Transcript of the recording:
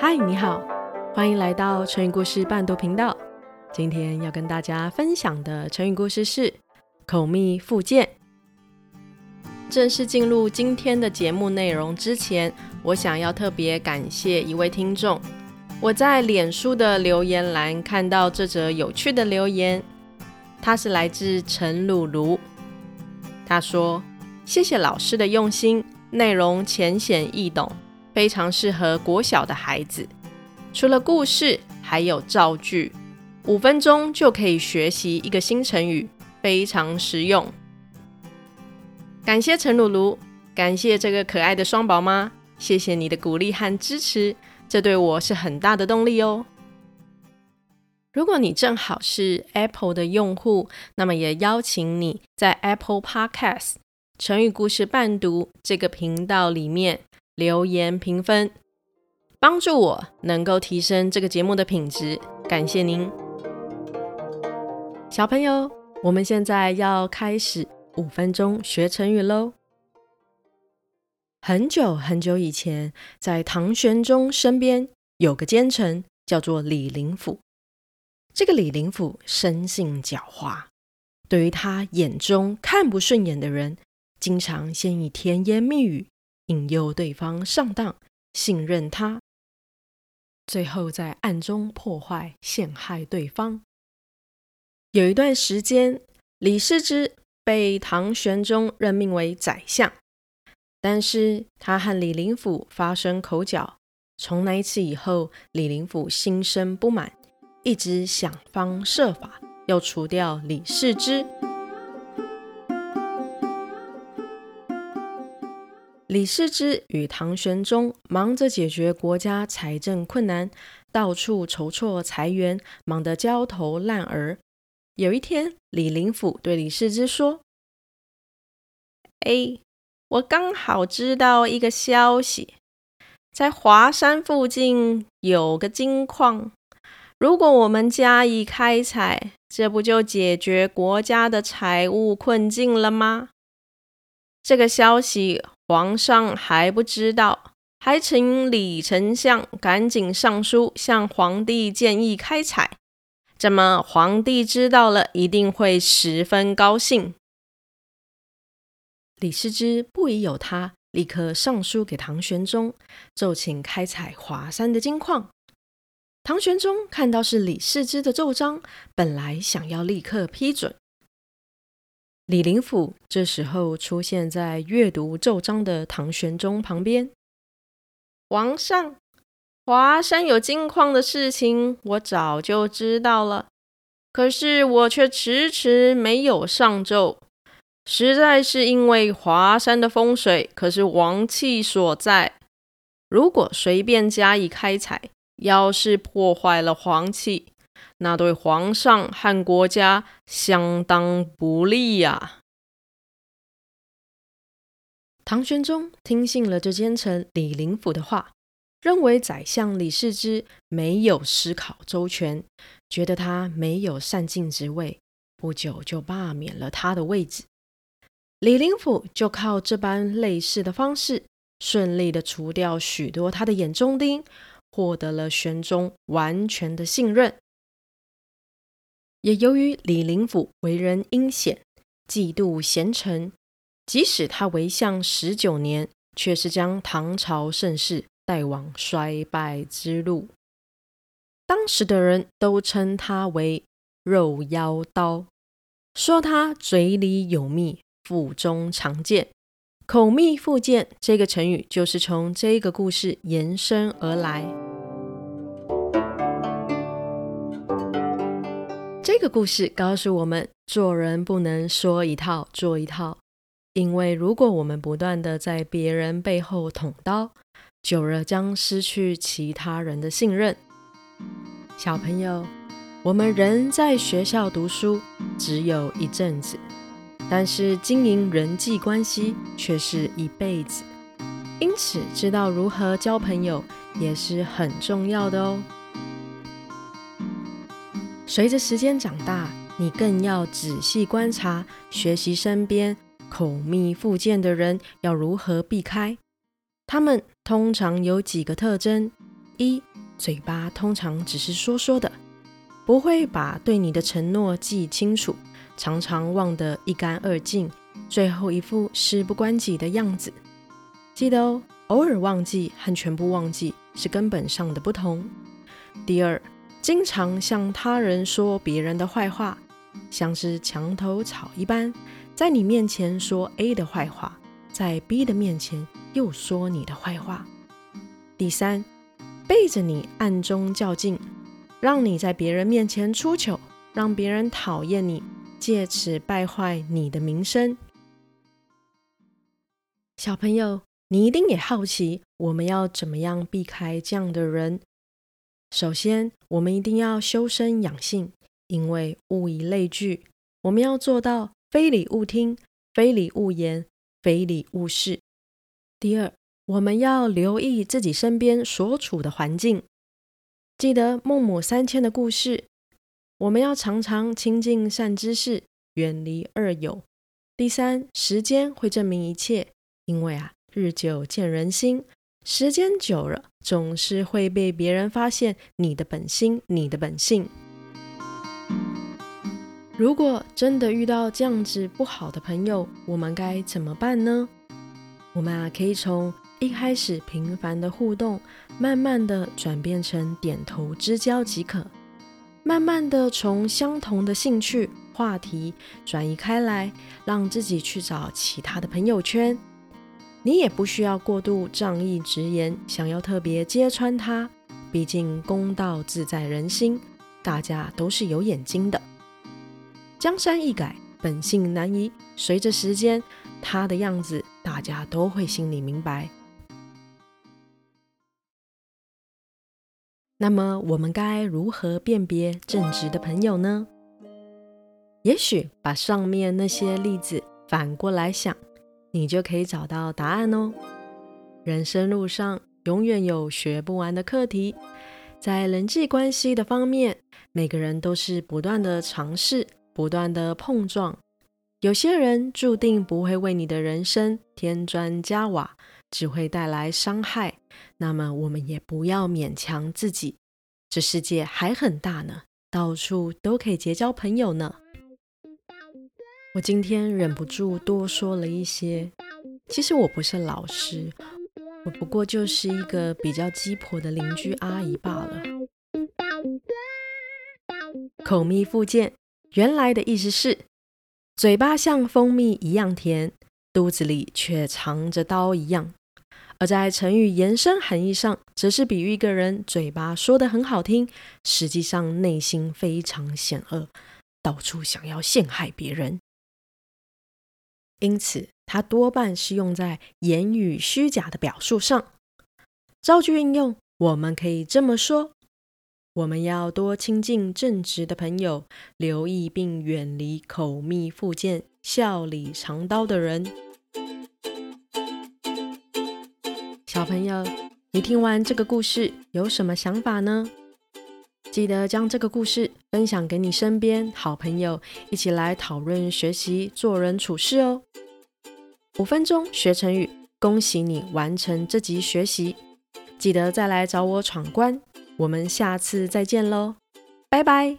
嗨，你好，歡迎來到成語故事伴讀頻道。今天要跟大家分享的成語故事是“口蜜腹劍”。正式進入今天的節目內容之前，我想要特別感謝一位聽眾。我在臉書的留言欄看到這則有趣的留言，他是來自陳魯魯。他說：“謝謝老師的用心，內容淺顯易懂。”非常適合國小的孩子。除了故事，還有造句，五分鐘就可以學習一個新成語，非常實用。感謝陳露露，感謝這個可愛的雙寶媽，謝謝你的鼓勵和支持，這對我是很大的動力哦。如果你正好是 Apple 的用戶，那麼也邀請你，在 Apple Podcast《成語故事伴讀》這個頻道裡面。留言評分，幫助我能夠提升這個節目的品質，感謝您。小朋友，我們現在要開始五分鐘學成語嘍。很久很久以前，在唐玄宗身邊有個奸臣，叫做李林甫。這個李林甫生性狡猾，對於他眼中看不順眼的人，經常先以甜言蜜語。引誘對方上當，信任他，最後在暗中破壞、陷害對方。有一段時間，李適之被唐玄宗任命為宰相，但是他和李林甫發生口角。從那一次以後，李林甫心生不滿，一直想方設法要除掉李適之。李適之與唐玄宗忙着解決國家財政困難，到處籌措財源，忙得焦頭爛額。有一天，李林甫對李適之說：“哎、欸，我剛好知道一個消息，在華山附近有個金礦，如果我們加以開採，這不就解決國家的財務困境了嗎？”這個消息。皇上還不知道，還請李丞相趕緊上書向皇帝建議開採。這麼，皇帝知道了，一定會十分高興。李世之不疑有他，立刻上書給唐玄宗，奏請開採華山的金礦。唐玄宗看到是李世之的奏章，本來想要立刻批准。李林甫這時候出現，在閱讀奏章的唐玄宗旁邊。皇上，華山有金礦的事情，我早就知道了，可是我卻遲遲沒有上奏，實在是因為華山的風水可是王氣所在，如果隨便加以開採，要是破壞了皇氣，那對皇上和國家相當不利呀、啊！唐玄宗聽信了這奸臣李林甫的話，認為宰相李世之沒有思考周全，覺得他沒有善盡職位，不久就罷免了他的位置。李林甫就靠這般類似的方式，順利地除掉許多他的眼中釘，獲得了玄宗完全的信任。也由於李林甫為人陰險，嫉妒賢臣，即使他為相十九年，卻是將唐朝盛世帶往衰敗之路。當時的人都稱他為“肉腰刀”，說他嘴裡有蜜，腹中藏劍，口蜜腹劍這個成語就是從這個故事延伸而來。這個故事告訴我們，做人不能說一套做一套，因為如果我們不斷地在別人背後捅刀，久了將失去其他人的信任。小朋友，我們人在學校讀書只有一陣子，但是經營人際關係卻是一輩子，因此知道如何交朋友也是很重要的哦。隨着時間長大，你更要仔細觀察、學習身邊口蜜腹劍的人要如何避開。他們通常有幾個特徵：一、嘴巴通常只是說說的，不會把對你的承諾記清楚，常常忘得一乾二淨，最後一副事不關己的樣子。記得哦，偶爾忘記和全部忘記是根本上的不同。第二。經常向他人說別人的壞話，像是牆頭草一般，在你面前說 A 的壞話，在 B 的面前又說你的壞話。第三，背着你暗中較勁，讓你在別人面前出糗，讓別人討厭你，借此敗壞你的名聲。小朋友，你一定也好奇，我們要怎麼樣避開這樣的人？首先，我們一定要修身養性，因為物以類聚。我們要做到非禮勿聽、非禮勿言、非禮勿視。第二，我們要留意自己身邊所處的環境，記得孟母三遷的故事。我們要常常親近善知識，遠離惡友。第三，時間會證明一切，因為啊，日久見人心。時間久了，總是會被別人發現你的本心，你的本性。如果真的遇到這樣子不好的朋友，我們該怎麼辦呢？我們啊，可以從一開始頻繁的互動，慢慢的轉變成點頭之交即可，慢慢的從相同的興趣話題轉移開來，讓自己去找其他的朋友圈。你也不需要過度仗義直言，想要特別揭穿他。畢竟公道自在人心，大家都是有眼睛的。江山易改，本性難移。隨着時間，他的樣子大家都會心裡明白。那麼我們該如何辨別正直的朋友呢？也許把上面那些例子反過來想。你就可以找到答案哦。人生路上永遠有學不完的課題，在人際關係的方面，每個人都是不斷的嘗試、不斷的碰撞。有些人注定不會為你的人生添磚加瓦，只會帶來傷害。那麼我們也不要勉強自己，這世界還很大呢，到處都可以結交朋友呢。我今天忍不住多說了一些。其實我不是老師，我不過就是一個比較雞婆的鄰居阿姨罷了。口蜜腹劍，原來的意思是嘴巴像蜂蜜一樣甜，肚子裡卻藏着刀一樣。而在成語延伸含義上，則是比喻一個人嘴巴說得很好聽，實際上內心非常險惡，到處想要陷害別人。因此，它多半是用在言語虛假的表述上。造句運用，我們可以這麼說：我們要多親近正直的朋友，留意並遠離口蜜腹劍、笑裡藏刀的人。小朋友，你聽完這個故事，有什麼想法呢？記得將這個故事分享給你身邊好朋友，一起來討論學習做人處事哦。五分鐘學成語，恭喜你完成這集學習，記得再來找我闖關，我們下次再見嘍，拜拜。